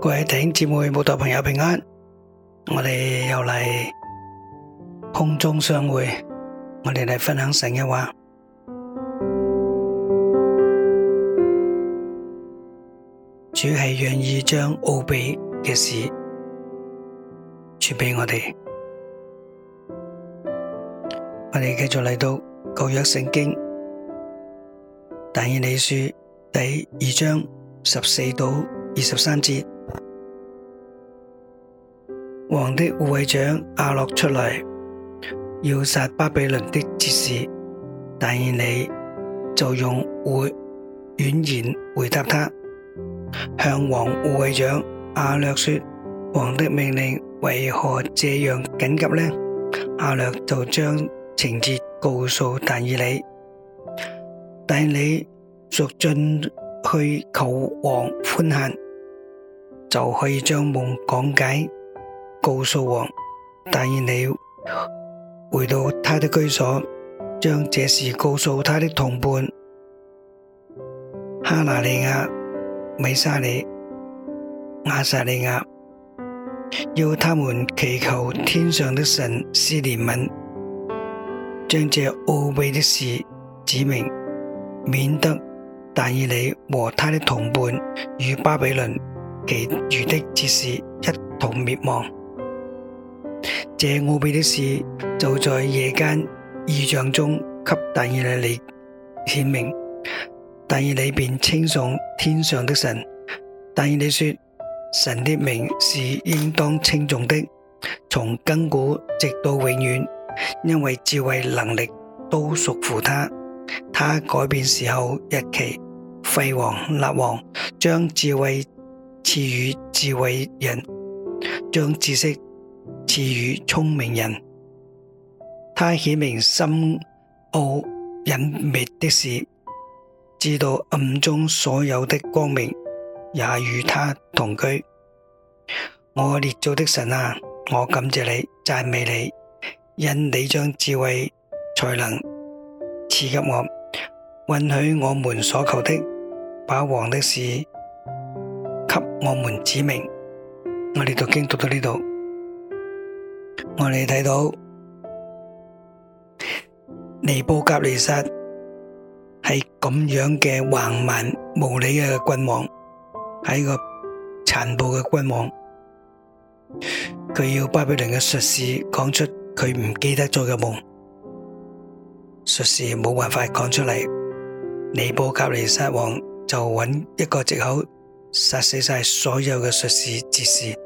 各位弟兄姊妹、信徒朋友平安，我哋又嚟空中相會，我哋嚟分享神嘅話。主係願意將奧秘嘅事傳俾我哋，我哋繼續嚟到舊約聖經但以理書第二章十四到二十三節。王的護衛長阿略出嚟，要殺巴比倫的哲士，但以理就用緩軟言回答他。向王護衛長阿略說：王的命令為何這樣緊急呢？阿略就將情節告訴但以理，但以理逐進去求王寬限，就可以將夢講解。告訴王，但以理回到他的居所，將這事告訴他的同伴哈拿利亞、米沙利、亞撒利亞，要他們祈求天上的神施憐憫，將這奧秘的事指明，免得但以理和他的同伴與巴比倫其餘的哲士一同滅亡。這奧秘的事就在夜間異象中給但以理顯明。但以理便稱頌天上的神。但以理說神的名是應當稱頌的，從亘古直到永遠，因為智慧能力都屬乎他。他改變時候日期廢王立王，將智慧賜予智慧人，將知識。賜予聰明人，他顯明深奧隱秘的事，知道暗中所有的光明，也與他同居。我列祖的神啊，我感謝你，讚美你，因你將智慧才能賜給我，允許我們所求的，把王的事給我們指明。我哋讀經讀到呢度。我哋睇到尼布甲尼撒係咁樣嘅橫蠻無理嘅君王，係一個殘暴嘅君王。佢要巴比倫嘅術士講出佢唔記得咗嘅夢，術士冇辦法講出嚟，尼布甲尼撒王就揾一個藉口殺死晒所有嘅術士哲士。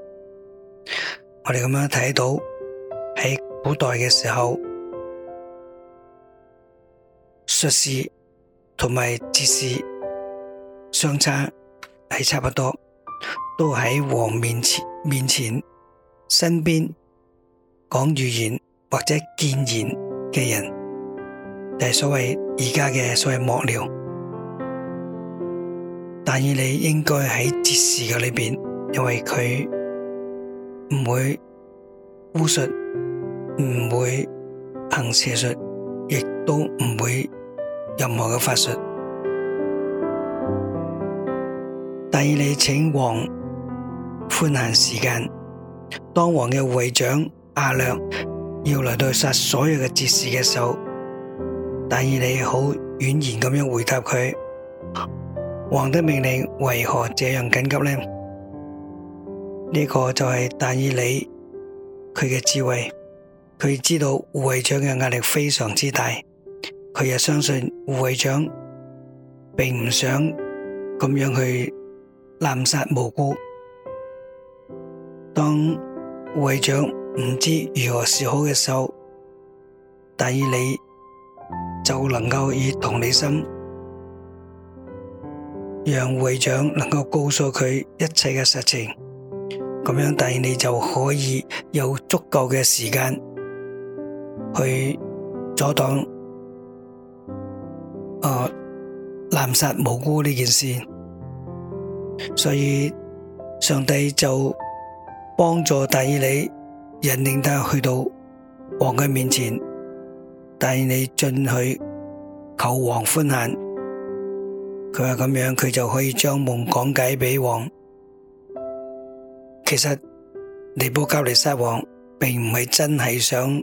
我哋咁樣睇到。古代嘅時候，術士同埋哲士相差係差不多，都喺王面前面前身邊講預言或者建言嘅人，就係所謂而家嘅所謂幕僚。但係你應該喺哲士嘅裏邊，因為佢唔會巫術。唔會行邪術，亦都唔會任何嘅法術。但以理請王寬限時間，當王嘅護衛長亞略要嚟到殺所有嘅哲士嘅時候，但以理好婉言咁樣回答佢，王的命令為何這樣緊急呢？呢、這個就係但以理佢嘅智慧。佢知道護衛長嘅壓力非常之大，佢又相信護衛長並唔想咁樣去濫殺無辜。當護衛長唔知如何是好嘅時候，第二你就能夠以同理心，讓護衛長能夠告訴佢一切嘅實情，咁樣第二你就可以有足夠嘅時間去阻擋誒濫殺無辜呢件事，所以上帝就幫助但以理你引領他去到王嘅面前，第二你進去求王寬限，佢話咁樣佢就可以將夢講解俾王。其實尼布甲尼撒王並唔係真係想。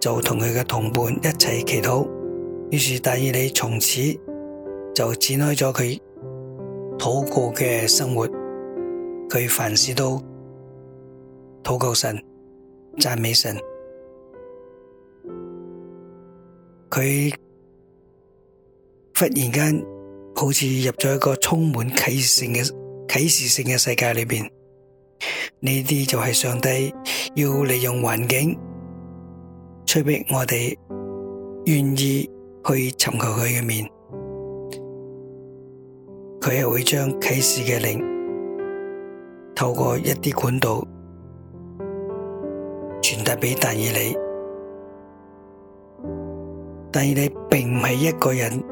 就同佢嘅同伴一齊祈禱，於是第二日從此就展開咗佢禱告嘅生活。佢凡事都禱告神，讚美神。佢忽然間好似入咗一個充滿啟示性嘅啟示性嘅世界裏邊。呢啲就係上帝要利用環境。催逼我哋願意去尋求佢嘅面，佢係會將啟示嘅靈透過一啲管道傳達俾但以理，但以理並唔係一個人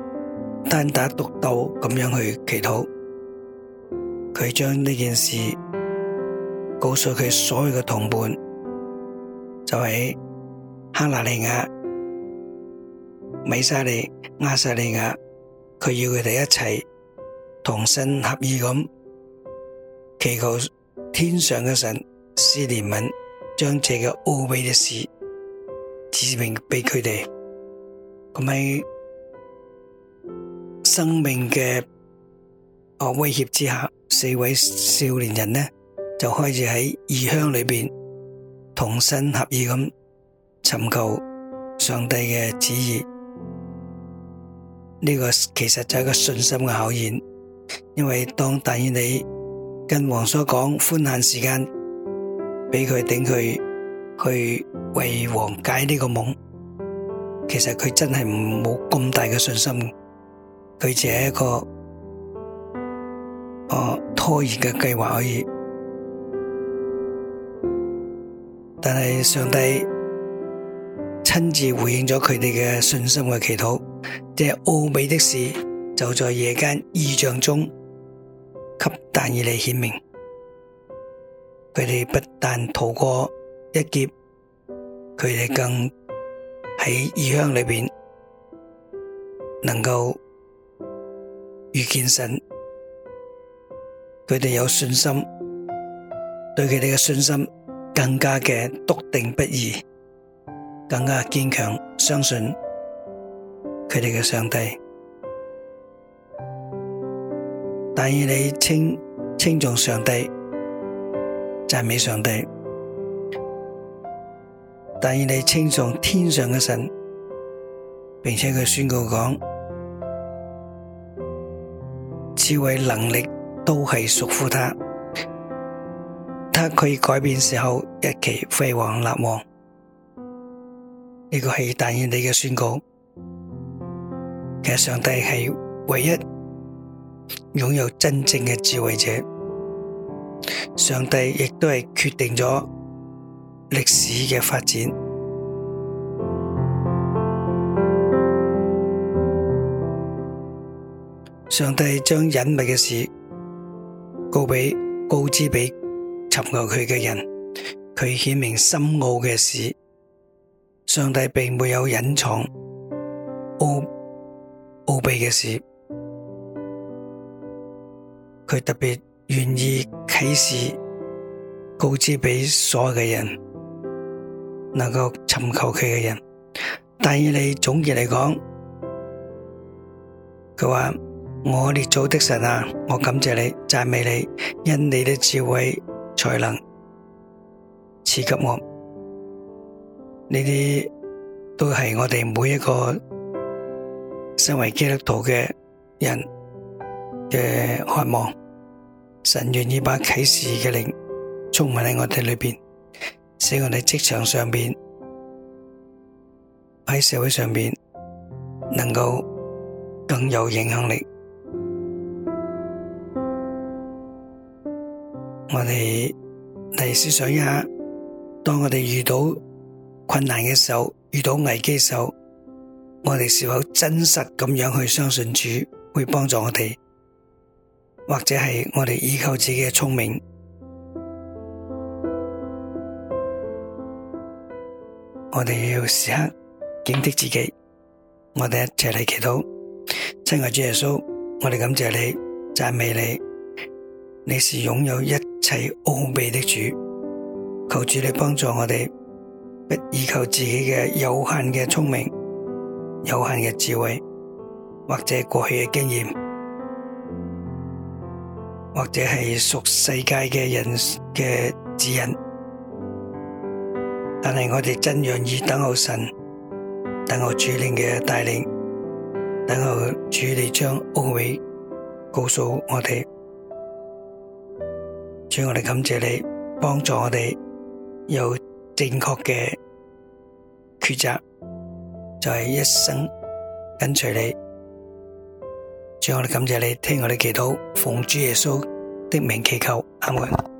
單打獨鬥咁樣去祈禱，佢將呢件事告訴佢所有嘅同伴，就喺。哈拿利亞、米沙利、亞撒利亞，佢要佢哋一齊同心合意咁祈求天上嘅神施憐憫，將這個奧秘嘅事指明畀佢哋。咁喺生命嘅啊威脅之下，四位少年人呢就開始喺異鄉裏邊同心合意咁。尋求上帝嘅旨意，呢個其實就係一個信心嘅考驗，因為當但以理跟王所講寬限時間，俾佢頂佢去為王解呢個夢，其實佢真係唔冇咁大嘅信心，佢只係一個誒拖延嘅計劃可以，但係上帝。親自回應咗佢哋嘅信心嘅祈禱，這奧秘的事就在夜間異象中給但以理顯明。佢哋不但逃過一劫，佢哋更喺異鄉裏邊能夠遇見神。佢哋有信心，對佢哋嘅信心更加嘅篤定不移。更加堅強，相信佢哋嘅上帝。但以理稱稱頌上帝，讚美上帝。但以理稱頌天上嘅神，並且佢宣告講：智慧能力都係屬乎他，他可以改變時候，日期，廢王立王。呢個係但以理嘅宣告。其實上帝係唯一擁有真正嘅智慧者，上帝亦都係決定咗歷史嘅發展。上帝將隱秘嘅事告俾，告知俾尋求佢嘅人，佢顯明深奧嘅事。上帝並沒有隱藏奧奧秘嘅事，佢特別願意啟示，告知俾所有嘅人、能夠尋求佢嘅人。但以理總結嚟講，佢話，我列祖的神啊，我感謝你讚美你，因你的智慧才能賜給我。呢啲都係我哋每一個身為基督徒嘅人嘅渴望。神願意把啟示嘅靈充滿喺我哋裏邊，使我哋職場上邊喺社會上邊能夠更有影響力。我哋嚟思想一下，當我哋遇到。困難嘅時候，遇到危機嘅時候，我哋是否真實咁樣去相信主會幫助我哋，或者係我哋依靠自己嘅聰明？我哋要時刻警惕自己。我哋一齊嚟祈禱，親愛主耶穌，我哋感謝你讚美你，你是擁有一切奧秘的主，求主你幫助我哋。不依靠自己嘅有限嘅聰明、有限嘅智慧，或者過去嘅經驗，或者係屬世界嘅人嘅指引，但係我哋真願意等候神，等候主靈嘅帶領，等候主你將奧秘告訴我哋。主，我哋感謝你幫助我哋，又。正確嘅抉擇，就係、是、一生跟隨你。最後，我哋感謝你聽我哋祈禱，奉主耶穌的名祈求，阿門。